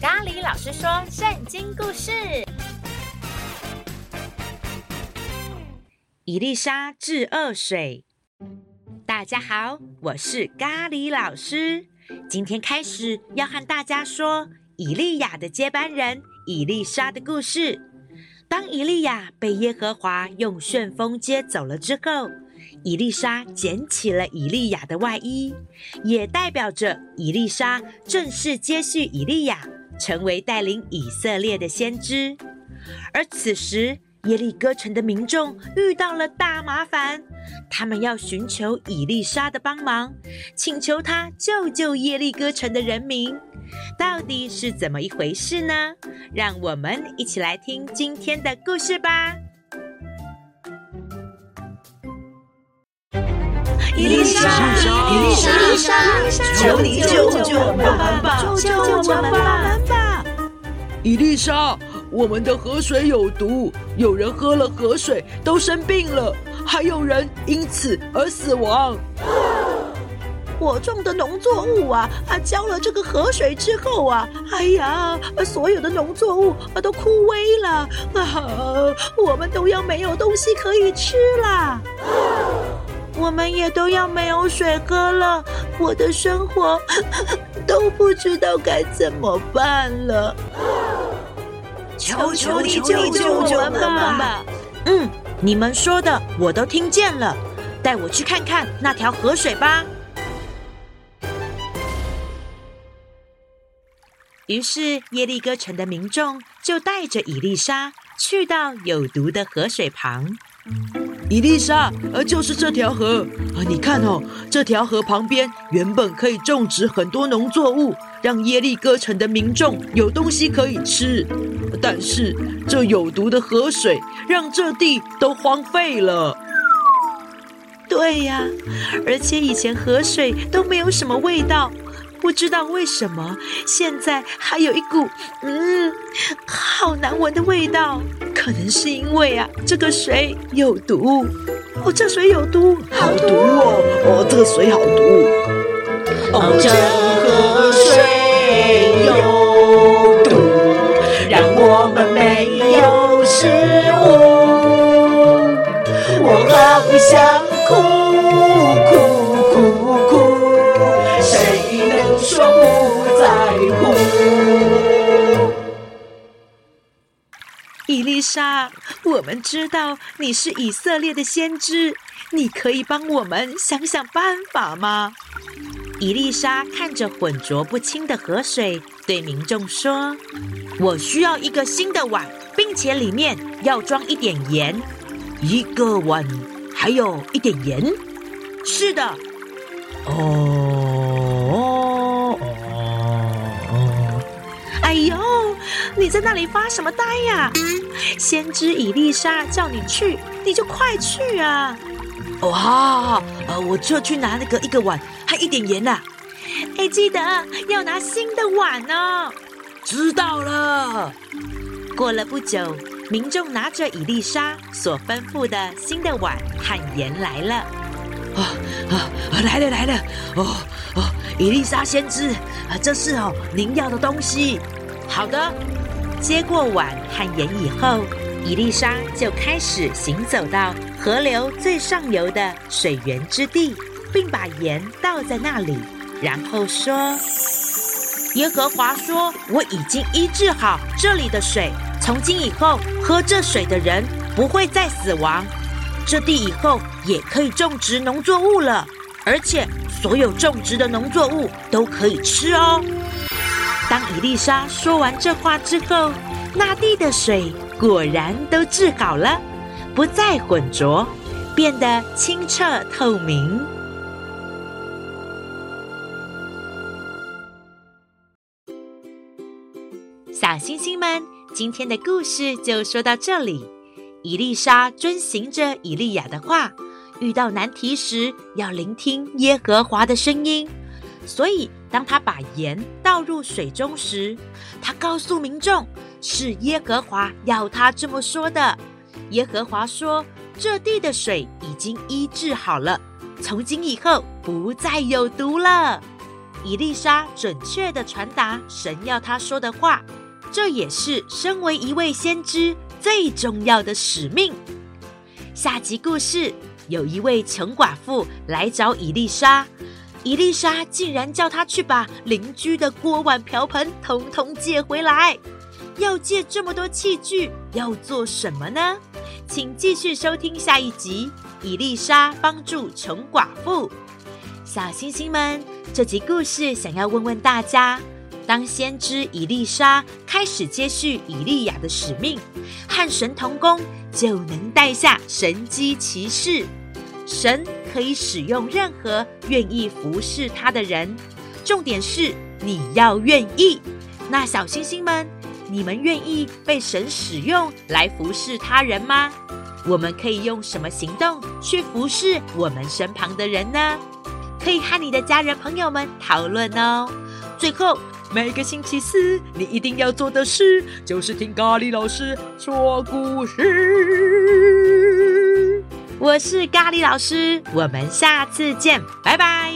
咖喱老師說：“聖經故事，以利沙治惡水。大家好，我是咖喱老師。今天開始要和大家說以利亞的接班人以利沙的故事。當以利亞被耶和華用旋風接走了之後，以利沙撿起了以利亞的外衣，也代表着以利沙正式接續以利亞。”成為帶領以色列的先知，而此時耶利哥城的民眾遇到了大麻煩，他們要尋求以利沙的幫忙，請求他救救耶利哥城的人民。到底是怎麼一回事呢？讓我們一起來聽今天的故事吧。以利沙，以利沙，求你救救我們吧！救救我們吧！救救以利沙，我們的河水有毒，有人喝了河水都生病了，還有人因此而死亡。我種的農作物啊，啊，澆了這個河水之後啊，哎呀，所有的農作物啊都枯萎了，啊。我們都要沒有東西可以吃了，我們也都要沒有水喝了。我的生活都不知道該怎麼辦了。求求你救救我們吧！嗯，你們說的我都聽見了，帶我去看看那條河水吧。於是耶利哥城的民眾就帶着以利沙去到有毒的河水旁。以利沙，呃就是這條河。你看哦、喔，這條河旁邊原本可以種植很多農作物，讓耶利哥城的民眾有東西可以吃。但是這有毒的河水讓這地都荒廢了。對呀、啊，而且以前河水都沒有什麼味道。不知道為什麼，現在還有一股嗯，好難聞的味道。可能是因為啊，這個水有毒。哦，這水有毒，好毒哦！哦，這個水好毒。哦，這。以利沙，我們知道你是以色列的先知，你可以幫我們想想辦法嗎？以利沙看着渾濁不清的河水，對民眾說：“我需要一個新的碗，並且裡面要裝一點鹽。一個碗，還有一點鹽。是的，哦。”你在那裡發什麼呆呀、啊？先知以利沙叫你去，你就快去啊！哇，呃，我就去拿那個一個碗和一點鹽吶、啊。哎、欸，記得要拿新的碗哦。知道了。過了不久，民眾拿着以利沙所吩咐的新的碗和鹽來了。啊啊、哦哦，來了來了！哦哦，以利沙先知，啊，這是哦您要的東西。好的。接過碗和鹽以後，以利沙就開始行走到河流最上游的水源之地，並把鹽倒在那裡，然後說：“耶和華說，我已經醫治好這裡的水，從今以後喝這水的人不會再死亡，這地以後也可以種植農作物了，而且所有種植的農作物都可以吃哦。”當以利沙說完這話之後，那地的水果然都治好了，不再渾濁，變得清澈透明。小星星們，今天的故事就說到這裡。以利沙遵行着以利亞的話，遇到難題時要聆聽耶和華的聲音。所以，當他把鹽倒入水中時，他告訴民眾是耶和華要他這麼說的。耶和華說：“這地的水已經醫治好了，從今以後不再有毒了。”以利沙準確地傳達神要他說的話，這也是身為一位先知最重要的使命。下集故事，有一位窮寡婦來找以利沙。以利沙竟然叫他去把鄰居的鍋碗瓢盆統統借回來，要借這麼多器具，要做什麼呢？請繼續收聽下一集《以利沙幫助窮寡婦》。小星星們，這集故事想要問問大家：當先知以利沙開始接續以利亞的使命，和神同工就能帶下神蹟奇事，神。可以使用任何願意服侍他的人，重點是你要願意。那小星星們，你們願意被神使用來服侍他人嗎？我們可以用什麼行動去服侍我們身旁的人呢？可以和你的家人朋友們討論哦。最後，每個星期四你一定要做的事就是聽咖喱老師說故事。我是咖喱老師，我們下次見，拜拜。